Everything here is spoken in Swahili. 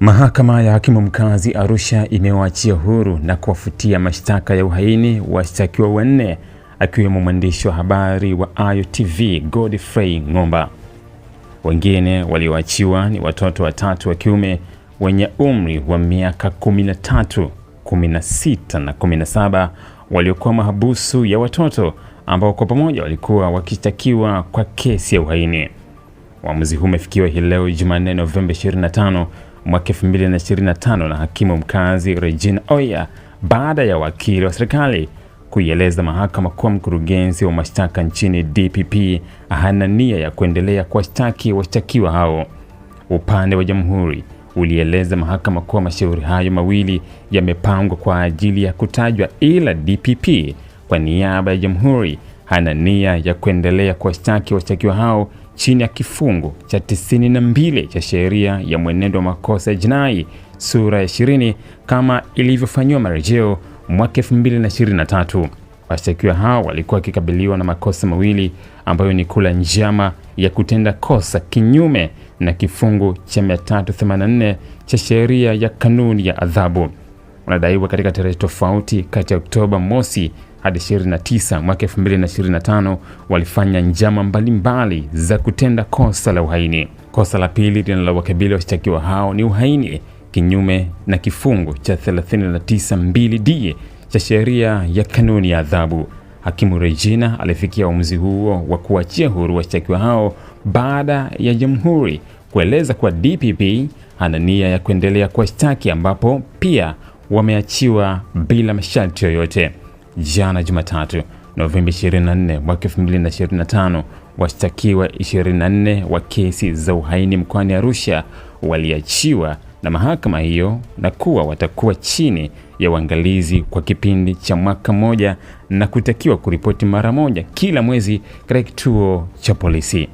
Mahakama ya Hakimu Mkazi Arusha imewaachia huru na kuwafutia mashtaka ya uhaini washtakiwa wanne akiwemo mwandishi wa habari wa Ayo TV Godfrey Ng'omba. Wengine walioachiwa ni watoto watatu wa kiume wenye umri wa miaka 13, 16 na 17 waliokuwa mahabusu ya watoto ambao kwa pamoja walikuwa wakishtakiwa kwa kesi ya uhaini. Uamuzi huu umefikiwa hii leo Jumanne Novemba 25 mwaka 2025 na hakimu mkazi Regina Oya baada ya wakili wa serikali kuieleza mahakama kuwa mkurugenzi wa mashtaka nchini DPP hana nia ya kuendelea kuwashtaki washtakiwa hao. Upande wa jamhuri ulieleza mahakama kuwa mashauri hayo mawili yamepangwa kwa ajili ya kutajwa, ila DPP kwa niaba ya jamhuri hana nia ya kuendelea kuwashtaki washtakiwa hao chini ya kifungu cha 92 cha sheria ya mwenendo wa makosa ya jinai sura ya 20 kama ilivyofanyiwa marejeo mwaka 2023. Washtakiwa hao walikuwa wakikabiliwa na makosa mawili ambayo ni kula njama ya kutenda kosa kinyume na kifungu cha 384 cha sheria ya kanuni ya adhabu unadaiwa katika tarehe tofauti kati ya Oktoba mosi hadi 29 mwaka 2025 walifanya njama mbalimbali mbali za kutenda kosa la uhaini. Kosa la pili linalowakabili washtakiwa hao ni uhaini kinyume na kifungu cha 392d cha sheria ya kanuni ya adhabu. Hakimu Regina alifikia uamuzi huo wa kuachia huru washtakiwa hao baada ya jamhuri kueleza kuwa DPP ana nia ya kuendelea kuwashtaki ambapo pia wameachiwa bila masharti yoyote. Jana Jumatatu, Novemba 24 mwaka 2025, washtakiwa 24 wa kesi za uhaini mkoani Arusha waliachiwa na mahakama hiyo na kuwa watakuwa chini ya uangalizi kwa kipindi cha mwaka mmoja na kutakiwa kuripoti mara moja kila mwezi katika kituo cha polisi.